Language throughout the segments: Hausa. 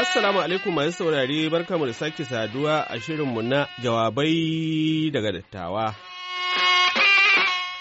Assalamu alaikum masu saurari barkamu da sake saduwa a shirinmu na jawabai daga dattawa.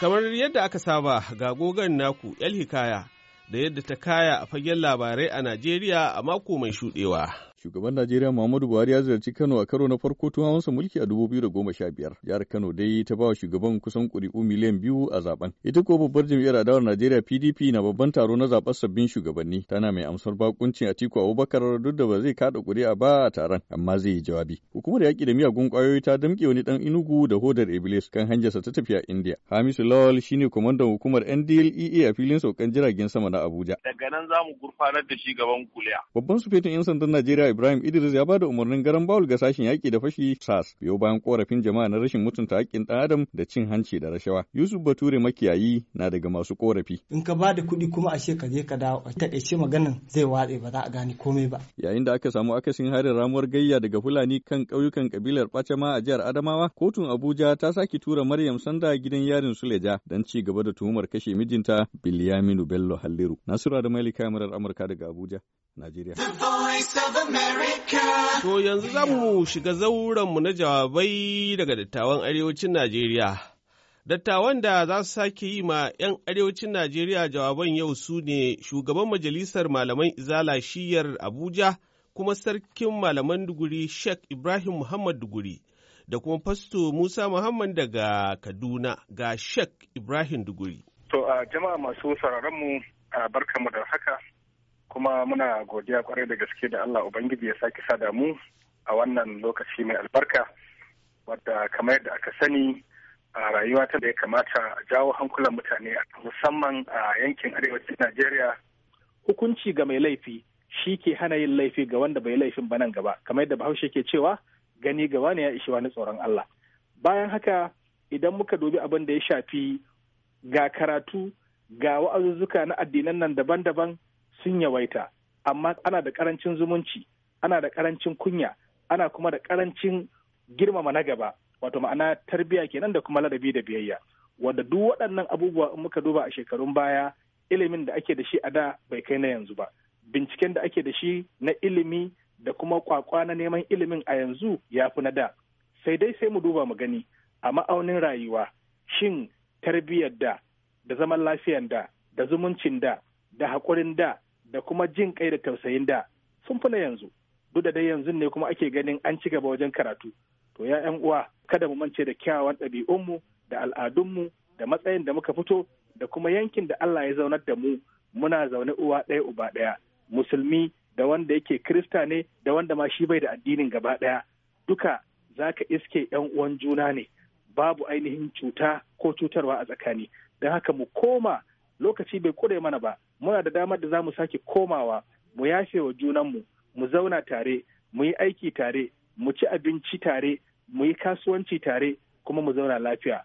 Kamar yadda aka saba ga gogon naku El Hikaya da yadda ta kaya a fagen labarai a Najeriya a mako mai shuɗewa. Shugaban Najeriya Muhammadu Buhari ya ziyarci Kano a karo na farko tun sa mulki a sha 2015. Jihar Kano dai ta ba wa shugaban kusan ƙuri'u miliyan biyu a zaben. Ita ko babbar jami'ar adawar Najeriya PDP na babban taro na zaɓar sabbin shugabanni. Tana mai amsar bakuncin Atiku Abubakar duk da ba zai kada kuri'a ba a taron amma zai yi jawabi. Hukumar yaƙi da miyagun ƙwayoyi ta damƙe wani ɗan Inugu da hodar Iblis kan hanjarsa ta tafiya India. Hamisu Lawal shine kwamandan hukumar NDLEA e a filin saukan jiragen sama na Abuja. Daga nan za mu gurfanar da shi gaban kuliya. Babban sufetin 'yan sandan Najeriya Ibrahim Idris ya bada umarnin garan bawul ga sashen yaƙi da fashi SAS biyo bayan korafin jama'a na rashin mutunta haƙƙin ɗan adam da cin hanci da rashawa. Yusuf Bature makiyayi na daga masu korafi. In ka bada kuɗi kuma ashe ka je ka dawo a taƙaice maganan zai watse ba za a gane komai ba. Yayin da aka samu akasin harin ramuwar gayya daga Fulani kan ƙauyukan kabilar Bacama a jihar Adamawa, kotun Abuja ta sake tura Maryam Sanda gidan yarin Suleja don ci gaba da tuhumar kashe mijinta biliyaminu Bello Halliru. Nasiru da kamarar Amurka daga Abuja, Najeriya. To yanzu za mu shiga zauranmu na jawabai daga dattawan arewacin Najeriya. Dattawan da za su sake yi ma 'yan arewacin Najeriya jawaban yau su ne shugaban majalisar malaman izala shiyar Abuja kuma sarkin malaman duguri Sheikh Ibrahim Muhammad duguri da kuma fasto Musa Muhammad daga Kaduna ga Sheikh Ibrahim duguri. To a jama'a masu sararanmu a barkanmu da haka kuma muna godiya kwarai da gaske da Allah Ubangiji ya sake sada mu a wannan lokaci mai albarka wadda kamar yadda aka sani a rayuwa ta da ya kamata a jawo hankulan mutane musamman a yankin arewacin Najeriya. Hukunci ga mai laifi shi ke hana yin laifi ga wanda bai laifin ba nan gaba kamar yadda Bahaushe ke cewa gani gaba ne ya ishi wani tsoron Allah. Bayan haka idan muka dubi abin da ya shafi ga karatu ga wa'azuzzuka na addinan nan daban-daban sun yawaita amma ana da karancin zumunci ana da karancin kunya ana kuma da karancin girmama na gaba wato ma'ana tarbiyya kenan da kuma ladabi da biyayya wanda duk waɗannan abubuwa in muka duba a shekarun baya ilimin da ake da shi a da bai kai na yanzu ba binciken da ake da shi na ilimi da kuma kwakwa na neman ilimin a yanzu ya fi na da sai dai sai mu duba mu gani a ma'aunin rayuwa shin tarbiyyar da da zaman lafiyar da da zumuncin da da haƙurin da da kuma jin kai da tausayin da sun fi na yanzu duk da dai yanzu ne kuma ake ganin an ci gaba wajen karatu to ya yan uwa kada mu mance da kyawawan ɗabi'unmu da al'adunmu da matsayin da muka fito da kuma yankin da Allah ya zaunar da mu muna zaune uwa ɗaya uba ɗaya musulmi da wanda yake krista ne da wanda ma shi bai da addinin gaba ɗaya duka za ka iske yan uwan juna ne babu ainihin cuta ko cutarwa a tsakani don haka mu koma lokaci bai kure mana ba muna da damar da za mu sake komawa mu yashe wa junanmu mu zauna tare mu yi aiki tare mu ci abinci tare mu yi kasuwanci tare kuma mu zauna lafiya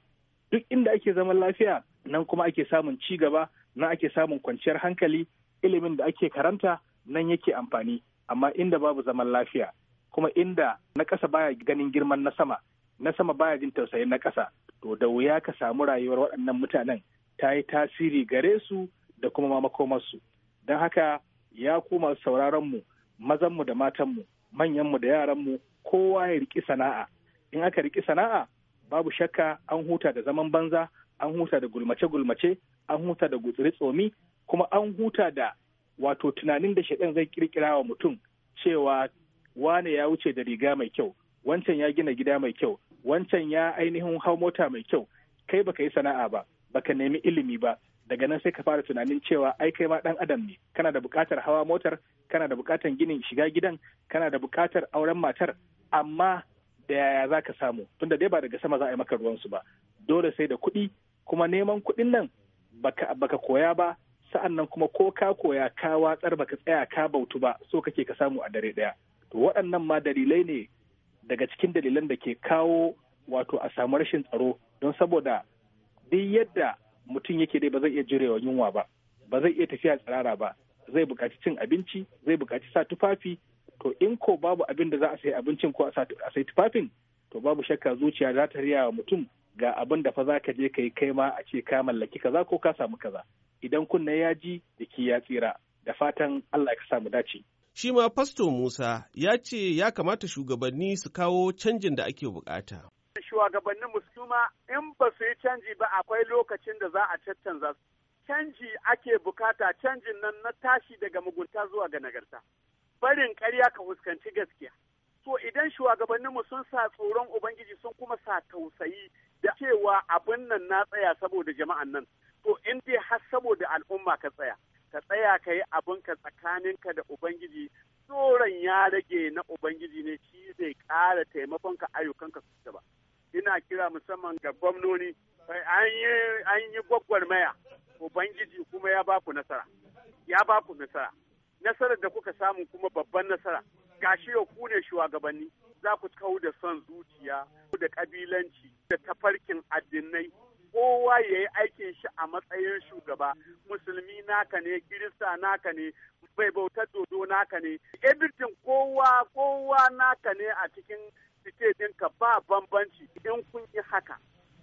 duk inda ake zaman lafiya nan kuma ake samun ci gaba nan ake samun kwanciyar hankali ilimin da ake karanta nan yake amfani amma inda babu zaman lafiya kuma inda na ƙasa baya ganin girman na sama na sama baya jin tausayin na ƙasa to da wuya ka samu rayuwar waɗannan mutanen ta yi tasiri gare su da kuma ma makomarsu don haka ya koma sauraronmu mazanmu da matanmu manyanmu da yaranmu kowa ya riki sana'a in aka riki sana'a babu shakka an huta da zaman banza an huta da gulmace-gulmace an huta da gutsiri tsomi kuma an huta da wato tunanin da shaɗan zai kirkira wa mutum cewa wane ya wuce da riga mai kyau wancan ya gina gida mai kyau wancan ya ainihin hau mota mai kyau kai baka yi sana'a ba baka nemi ilimi ba daga nan sai ka fara tunanin cewa ai kai ma dan adam ne kana da bukatar hawa motar kana da bukatar ginin shiga gidan kana da bukatar auren matar amma da yaya za ka samu tunda dai ba daga sama za a yi maka ruwansu ba dole sai da kuɗi kuma neman kuɗin nan baka, baka koya ba sa'an nan kuma ko ka koya ka watsar baka tsaya ka bautu ba so kake ka samu a dare ɗaya to waɗannan ma dalilai ne daga cikin dalilan da ke kawo wato a samu rashin tsaro don saboda duk yadda mutum yake dai ba zai iya jurewa yunwa ba ba zai iya tafiya tsirara ba zai buƙaci cin abinci zai buƙaci sa tufafi to in ko babu abin da za a sayi abincin ko a sai tufafin to babu shakka zuciya za ta riya wa mutum ga abin da fa za ka je ka yi kai ma a ce ka mallaki kaza ko ka samu kaza idan kunna ya ji da ki ya tsira da fatan Allah ya samu dace. Shi ma Fasto Musa ya ce ya kamata shugabanni su kawo canjin da ake bukata. shugabannin musulma in ba su yi canji ba akwai lokacin da za a caccanza su. Canji ake bukata canjin nan na tashi daga mugunta zuwa ga nagarta. Barin karya ka fuskanci gaskiya. To idan shugabanninmu sun sa tsoron Ubangiji sun kuma sa tausayi da cewa abin nan na tsaya saboda jama'an nan. To in dai har saboda al'umma ka tsaya. Ka tsaya ka yi abinka tsakaninka da Ubangiji tsoron ya rage na Ubangiji ne shi zai ƙara taimakonka ayyukanka su ba. ina kira musamman ga gwamnoni eh, an yi gwagwarmaya ubangiji kuma ya baku nasara ya ku nasara nasarar da kuka samu kuma babban nasara gashi yau ku ne shugabanni za ku kawo da son zuciya da kabilanci da tafarkin addinai kowa ya yi aikin shi a matsayin shugaba musulmi naka ne kirista naka ne bai bautar dodo naka ne everything kowa kowa naka ne a cikin tiket ɗinka ba bambanci in kun yi haka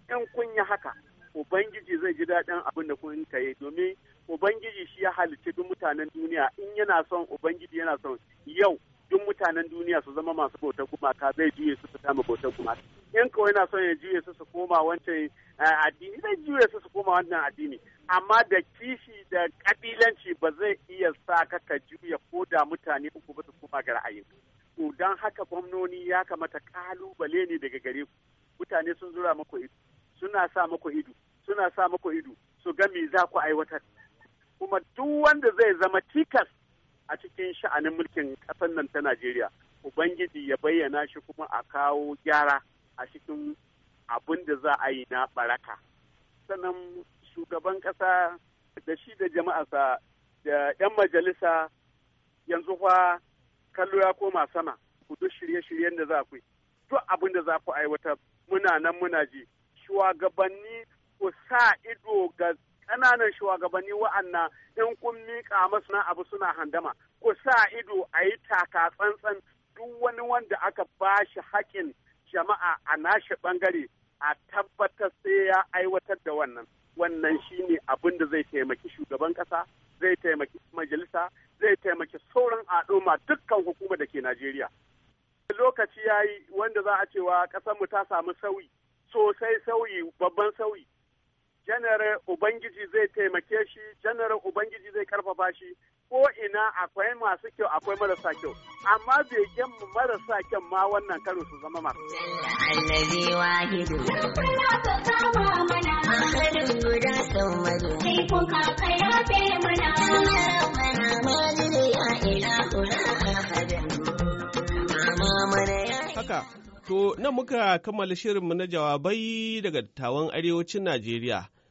in kun yi haka ubangiji zai ji daɗin abin da kun ka yi domin ubangiji shi ya halicci duk mutanen duniya in yana son ubangiji yana son yau duk mutanen duniya su zama masu bautar gumaka zai juye su su kama bautar gumaka in kawai yana son ya juye su su koma wancan eh, addini zai juye su su koma wannan addini amma da kishi da kabilanci ba zai iya sa ka ka juya ko da mutane uku ba su koma ga ra'ayin ku don haka gwamnoni ya kamata kalubale ne daga gare ku mutane sun zura maku ido suna sa maku ido suna sa maku ido su ga me za ku aiwatar kuma duk wanda zai zama tikas a cikin sha'anin mulkin ƙasar nan ta Najeriya ubangiji ya bayyana shi kuma a kawo gyara a cikin abin da za a yi na baraka sannan shugaban ƙasa da shi da jama'arsa da 'yan majalisa yanzu fa kallo ya koma sama ku duk shirye-shiryen da za ku yi duk abin da za ku aiwatar muna nan muna ji shugabanni ku sa ido ga ƙananan shugabanni wa'anna in kun miƙa masu na abu suna handama ku sa ido a yi taka tsantsan duk wani wanda aka ba shi haƙin jama'a a nashi ɓangare a tabbatar sai ya aiwatar da wannan wannan shine abin da zai taimaki shugaban ƙasa zai taimaki majalisa zai taimaki sauran al'umma dukkan hukumar da ke Najeriya. Lokaci ya yi wanda za a cewa ƙasarmu ta samu sauyi, sosai sauyi, babban sauyi. Janar Ubangiji zai taimake shi, janar Ubangiji zai karfafa shi, koina akwai masu kyau akwai marasa kyau amma bai mu marasa kyau ma wannan karo su zama masu Haka, to nan muka kammala shirinmu na jawabai daga dattawan arewacin Najeriya.